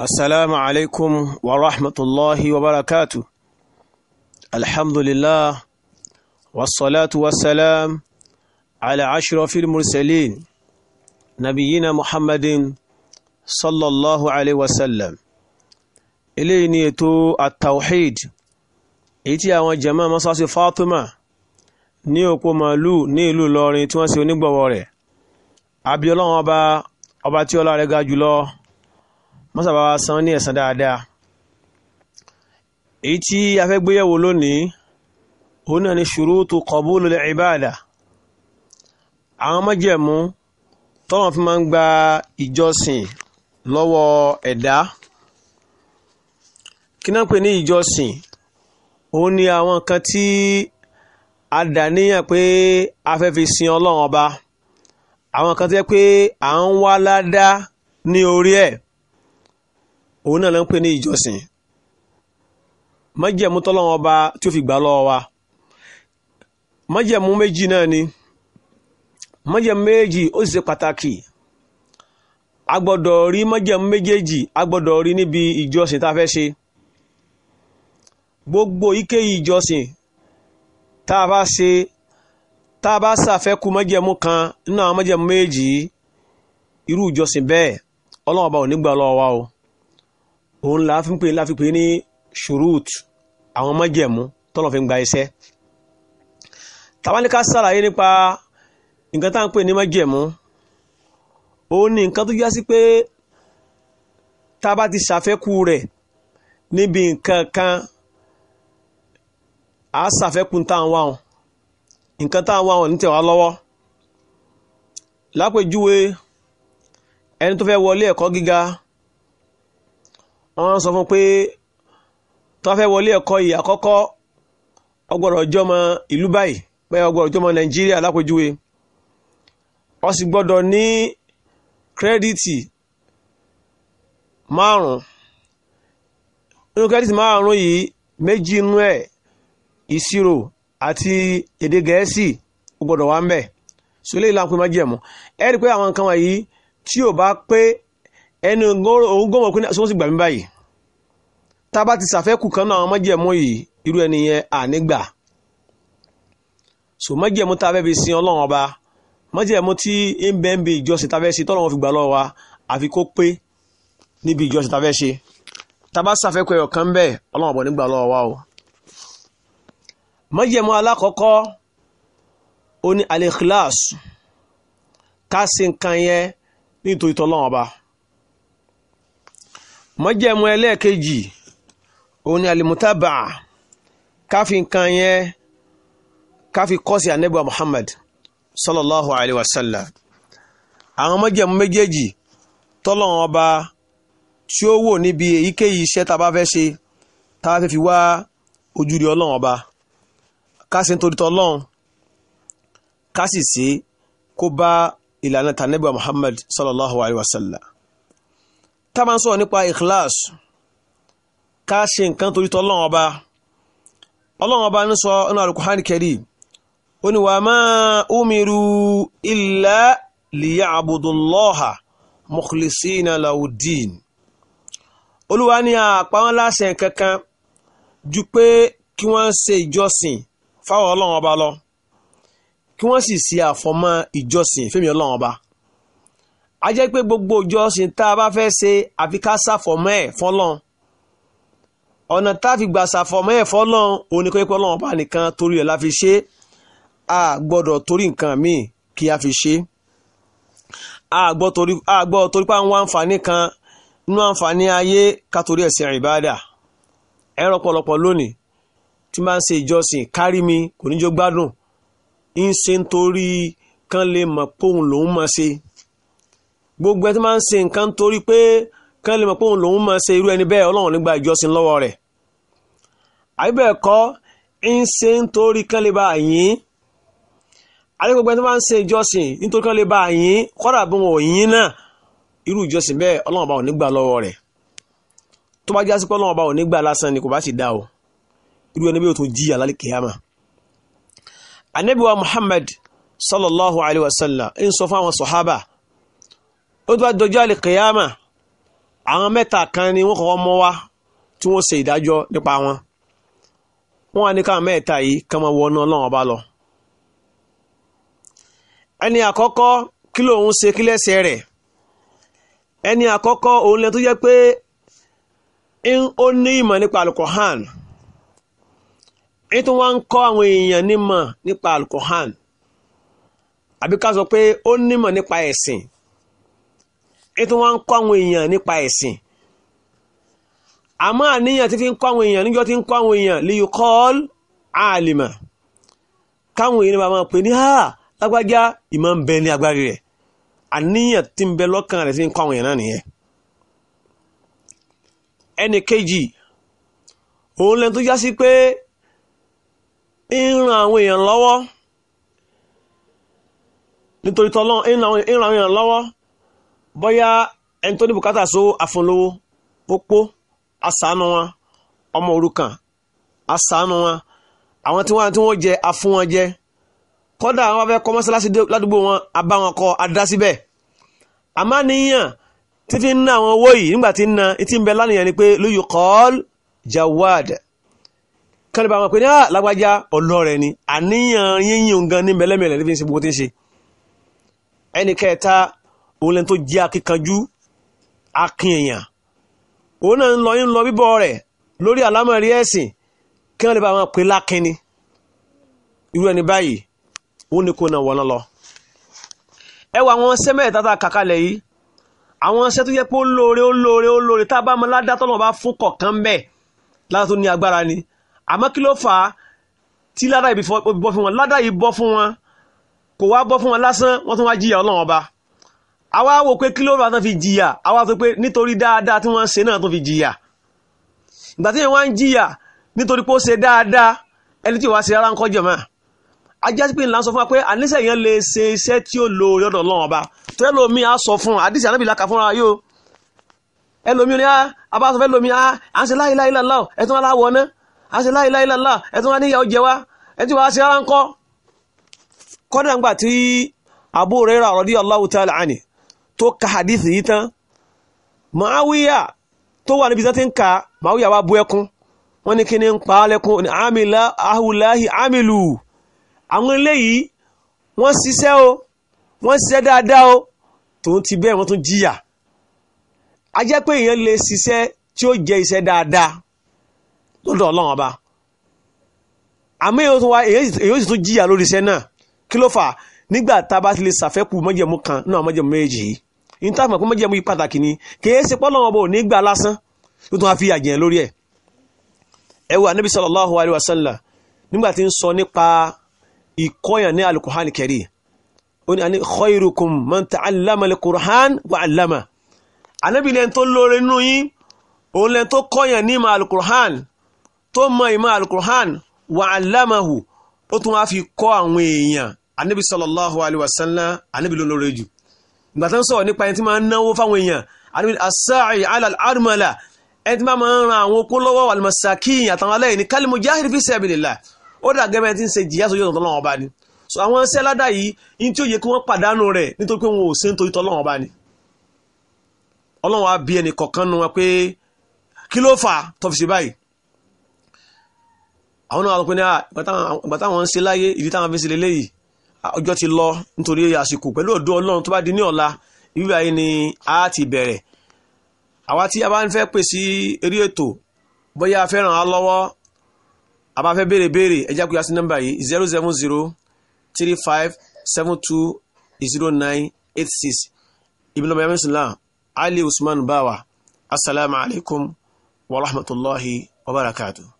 السلام عليكم ورحمة الله وبركاته الحمد لله والصلاة والسلام على أشرف المرسلين نبينا محمد صلى الله عليه وسلم eléyìí ni ètò atawhid èyí tí àwọn jama masasi fatima ní òpó màálù ní ìlú Ìlọrin tí wọ́n ṣe onígbọ̀wọ́ rẹ̀ abiola ọba ọba tí ọlá rẹ̀ ga jùlọ mọ́sàbá wa san ní ẹ̀san dáadáa èyí tí a fẹ́ gbéyẹ̀wò lónìí òun náà ni ṣurutu qabulul ibada àwọn májẹ̀mú tọ́wọ́n fi máa ń gba ìjọsìn lọ́wọ́ ẹ̀dá kí náà pè ní ìjọsìn òun ni àwọn nǹkan tí a dà níyàn pé a fẹ́ fi sin ọlọ́run ọba àwọn nǹkan tí wọ́n pé à ń wá ládá ní orí ẹ̀ òun náà ló ń pè ní ìjọsìn májẹ̀mú ọba tí ó fi gbà lọ́wọ́ wa májẹ̀mú méjì náà ni májẹ̀mú méjì ó sì ṣe pàtàkì a rí májẹ̀mú méjèèjì a ṣe gbogbo ike ìjọsìn tá a bá ṣe tá a bá ṣàfẹ́kù kan nínú àwọn májẹ̀mú méjì irú ìjọsìn bẹ́ẹ̀ ọba ò ní gbà lọ́wọ́ o. òun la fi ń pè láfi pè ní ṣùrùt àwọn májẹ̀mú tọ́lọ̀ fi ń gba iṣẹ́ tàbáníká sàlàyé nípa nǹkan tá à ń pè ní májẹ̀mú òun ni nǹkan tó já sí pé tá a bá ti ṣàfẹ́kù rẹ̀ níbi nǹkan kan a ṣàfẹ́kù tá à ń wá wọn nǹkan tá à ń wá wọn ní lọ́wọ́ lápèjúwe ẹni tó fẹ́ wọlé ẹ̀kọ́ gíga wọ́n sọ fún pé tó fẹ́ wọlé ẹ̀kọ́ yìí àkọ́kọ́ ọgbọ́dọ̀ jọmọ ìlú báyìí bẹ́ẹ̀ ọgbọ́dọ̀ jọmọ nàìjíríà lápèjúwe ó sì gbọ́dọ̀ ní kírẹ́dìtì márùn-ún nínú kírẹ́dìtì márùn-ún yìí méjì inú ẹ̀ ìṣirò àti èdè gẹ̀ẹ́sì ó gbọ́dọ̀ wà ń bẹ̀ so eléyìí là má jẹ̀mú ẹ rí i pé àwọn nǹkan wọ̀nyí tí ò bá pé ẹni òun gbọ́mọ̀ pé sọ́wọ́n sì gbà mí báyìí tá a bá ti ṣàfẹ́kù kan náà àwọn yìí irú ẹni yẹn ànígbà so mọ́jẹ̀mú tá a fẹ́ fi sin ọlọ́run ọba mọ́jẹ̀mú tí ń bẹ ń bi ìjọsìn tá a fẹ́ ṣe tọ́lọ́run fi gbà lọ́wọ́ wa àfi kó pé níbi ìjọsìn tá a fẹ́ ṣe tá a bá ṣàfẹ́kù ẹ̀yọ̀ kan bẹ́ẹ̀ ọlọ́run ọba nígbà lọ́wọ́ wa o mọ́jẹ̀mú alákọ̀ọ́kọ́ ó ní alikilas ká ṣe nǹkan yẹn nítorí tọ́lọ́run ọba mọ́jẹ̀mú ẹlẹ́ẹ̀kejì òun ni alimutaba káfi nǹkan yẹn káfi kọ́sí anabiwa muhammad sallallahu alayhi wa sallam àwọn mọ́jẹ̀mú méjèèjì tọ́lọ́wọ́n ọba tí ó wò níbi èyíkéyìí iṣẹ́ tá a bá fẹ́ ṣe tá a fẹ́ fi wá ojúde ọlọ́run ọba ká sì ń torí tọ́lọ́run ká sì kó bá ìlànà tànẹ́bà muhammad sallallahu alayhi wa sallam tá a máa ń sọ̀rọ̀ nípa ikhlas ká ṣe nǹkan torí tọ́ ọlọ́run ọba ọlọ́run ọba ń sọ inú Al-Qur'an Karim ó ní wa ma umiru illa liya'budullaha mukhlisina laudin olúwa ní àpá wọn láṣẹ kankan ju pé kí wọ́n ṣe ìjọsìn fáwọn ọlọ́run ọba lọ kí wọ́n sì ṣe àfọmọ́ ìjọsìn fẹ́mi ọlọ́run ọba a jẹ́ pé gbogbo ìjọsìn tá a bá fẹ́ ṣe àfi ká ṣàfọmọ́ ẹ̀ fọ́lọ́run ọ̀nà tá a fi gbà ṣàfọ̀mọ́ ẹ̀ fọ́lọ́n oníkóyípẹ́ ọlọ́run bá nìkan torí ẹ̀ la fi ṣe a gbọ́dọ̀ torí nǹkan míì kí a fi ṣe a gbọ́ torí pa àwọn àǹfààní kan nínú àǹfààní ayé ká torí ẹ̀ sìn ìbáàdà ẹ̀rọ pọ̀lọpọ̀ lónìí tí máa ń ṣe ìjọsìn kárí mi kò ní jó gbádùn ń ṣe nítorí kán lè mọ̀ póun lòún máa ṣe gbogbo ẹ tí máa ń ṣe nǹkan torí pé kán lè mọ̀ pé òun lòun máa ṣe irú ẹni bẹ́ẹ̀ ọlọ́run nígbà ìjọsìn lọ́wọ́ rẹ̀ àbíbẹ̀ẹ̀kọ́ ń ṣe nítorí kán lè bá yín adégbègbè tó bá ń ṣe ìjọsìn nítorí kán lè bá yín kọ́dà bí wọn ò yín náà irú ìjọsìn bẹ́ẹ̀ ọlọ́run bá ò nígbà lọ́wọ́ rẹ̀ tó bá jásí pé ọlọ́run bá ò nígbà lásán ni kò bá sì dá o irú ẹni bẹ́ẹ̀ tó jìyà lálẹ́ kìyàmà anabiwa Muhammad sallallahu alayhi wa sallam ń sọ fún àwọn sọ̀hábà ó tó bá dọjọ́ àlè kìyàmà àwọn mẹ́ta kan ni wọ́n kọ́kọ́ mọ́ wá tí wọ́n ṣe ìdájọ́ nípa wọn wọ́n wá ní káwọn mẹ́ta yìí kàn máa wọnú ọlọ́run bá lọ. ẹni àkọ́kọ́ kí lòun ṣe kí lẹ́sẹ̀ rẹ̀ ẹni àkọ́kọ́ òun lẹ́nu tó jẹ́ pé ó ní ìmọ̀ nípa alukohan ètò wọn ń kọ́ àwọn èèyàn nímọ̀ nípa alukohan àbíká ká sọ pé ó nímọ̀ nípa ẹ̀sìn. ètò wọn ń kọ́ àwọn èèyàn nípa ẹ̀sìn àmọ́ àníyàn tí fi ń kọ́ àwọn èèyàn níjọ́ tí ń kọ́ àwọn èèyàn lè kọ́ọ́l àlìmọ̀ káwọn èèyàn bá máa pè ní háà lágbájá ìmọ̀ ń bẹ ní agbárí rẹ̀ àníyàn tí ń bẹ lọ́kàn rẹ̀ tí ń kọ́ àwọn èèyàn náà nìyẹn ẹnì kejì òun lẹ́nu tó já sí pé ń bóyá ẹni tó ní bùkátà so àfúnlówó pópó àsánú wọn ọmọ òrukàn àsánú wọn àwọn tí wọ́n tí wọ́n jẹ afún wọn jẹ kódà àwọn afẹ́ kọ́ mọ́sálásí ládùúgbò wọn abá kọ́ adá àmọ́ níyàn títí ń ná àwọn owó yìí nígbà tí ń na etí ń bẹ lánìyàn ni pé lóyún kọ́ọ́l Jawad kálíbà àwọn pé ní àlágbájá ah, ọlọ́rẹ̀ ni àníyàn yíyìn gan ní mẹ́lẹ́mẹ́lẹ́ ní ṣe gbogbo tí ń ṣe ẹnì kẹta òun lẹ́ni tó jẹ́ akíkanjú akin èèyàn òun náà ń lọ ń lọ bíbọ̀ rẹ̀ lórí àlámọ̀rí ẹ̀sìn kí wọ́n lè bá wọn pè lákínni irú ẹni báyìí wọ́n ní kó náà wọ́n lọ. ẹ wọ àwọn iṣẹ́ mẹ́ta tá a kà kalẹ̀ yìí àwọn iṣẹ́ tó yẹ pé ó lóore ó lóore ó lóore tá a bá mọ ládá bá fún kọ̀ọ̀kan bẹ́ẹ̀ ládá tó ní agbára ni àmọ́ kí ló fà á tí ládá yìí bọ́ fún wọn ládá yìí bọ́ fún wọn kò wá bọ́ fún wọn lásán wọ́n tún wá jìyà Ọlọ́run ọba àwa wò pé kí ló bá tán fi jìyà àwa sọ pé nítorí dáadáa tí wọ́n ń ṣe náà tó fi jìyà ìgbà tí wọ́n ń jìyà nítorí pé ó ṣe dáadáa ẹni tí wàá ṣe rárá ń kọjọ mọ́ ajá sí pé ńlá sọ fún wa pé àníṣe yẹn lè ṣe iṣẹ́ tí ó lo orí ọ̀dọ̀ Ọlọ́run ọba tó yẹ lómi á sọ fún àdìsí ànábì làkà fúnra yóò ẹlòmí ni abáṣọfẹ lómi á ah, à ń ṣe láyé láyé lálá ẹtún wá láwọ ná à ń ṣe láyé láyé lálá ẹtún wá níyàwó jẹ wá ẹtún wá ṣe rárá ń kọ kọ́dà ńgbà tí Abu Hurairah radiyallahu ta'ala anhu tó ka hadithi yìí tán Muawiya tó wà níbi tí wọ́n ti ń ka Muawiya wá bú ẹkún wọ́n ní kí ni ń pa á lẹ́kún ní amila ahulahi amilu àwọn eléyìí wọ́n ṣiṣẹ́ o wọ́n ṣiṣẹ́ dáadáa o tòun ti bẹ́ẹ̀ wọ́n tún jìyà a jẹ́ pé èèyàn lè ṣiṣẹ́ tí ó jẹ́ iṣẹ́ dáadáa lọ́dọ̀ ọlọ́run ọba àmọ́ èèyàn tún wá èèyàn sì tún jìyà lórí iṣẹ́ náà kí ló fà nígbà tá a bá ti lè ṣàfẹ́kù mọ́jẹ̀mú kan náà mọ́jẹ̀mú méjì yìí in tá a mọ̀ pé mọ́jẹ̀mú yìí pàtàkì ni kìí ṣe pọ́ lọ́wọ́ bò ní gbà lásán tó tún wá fi àjẹ́ lórí ẹ̀ ẹ wo anabi sallallahu alayhi wa sallam nígbà tí ń sọ nípa ìkọ́yàn ní alukuhani kẹrì ó ní ani khairukum man ta'allama alukuhan wa 'allama anabi lẹ́ni tó lóore nínú yín òun lẹ́ni tó kọ́yàn ní ìmọ̀ alukuhan tó mọ ìmọ̀ alukuhan wa 'allamahu ó tún wá fi kọ́ àwọn èèyàn anabi sallallahu alayhi wa sallam anabi lóore jù ìgbà tó ń sọ̀rọ̀ nípa ẹni tí máa ń náwó fáwọn èèyàn asáàì alàlárùmọ́là ẹni tí máa ń ran àwọn okó lọ́wọ́ almasakin àtàwọn aláìní kálímù já fi sabilillah ó dà gẹ́gẹ́ tí ń ṣe jìyà sójú ọ̀tọ̀ lọ́wọ́ bá ní so àwọn iṣẹ́ ládà yìí in tí ó yẹ kí wọ́n pàdánù rẹ̀ nítorí pé wọn ò sí nítorí tọ́lọ́wọ́ bá ní ọlọ́wọ́ á bí ẹnì kọ̀ọ̀kan nu wọn pé kí ló fà tọ́fìsì báyìí àwọn náà wà lọ pé ah, ní ìgbà táwọn ń ṣe láyé ìdí táwọn ọjọ́ ti lọ nítorí àsìkò pẹ̀lú ọ̀dọ̀ ọlọ́run tó bá di ní ọ̀la ìwé ayé ni a ti bẹ̀rẹ̀ àwa tí a bá ń fẹ́ pè sí eré ètò bóyá a fẹ́ ràn á lọ́wọ́ a bá fẹ́ béèrè béèrè ẹ jẹ́ kó yá sí nọ́mbà yìí zero seven zero three five seven two zero nine eight six ibn ọmọ yamin sula ali usman bawa asalaamualeykum wa rahmatulahi wa barakatuh.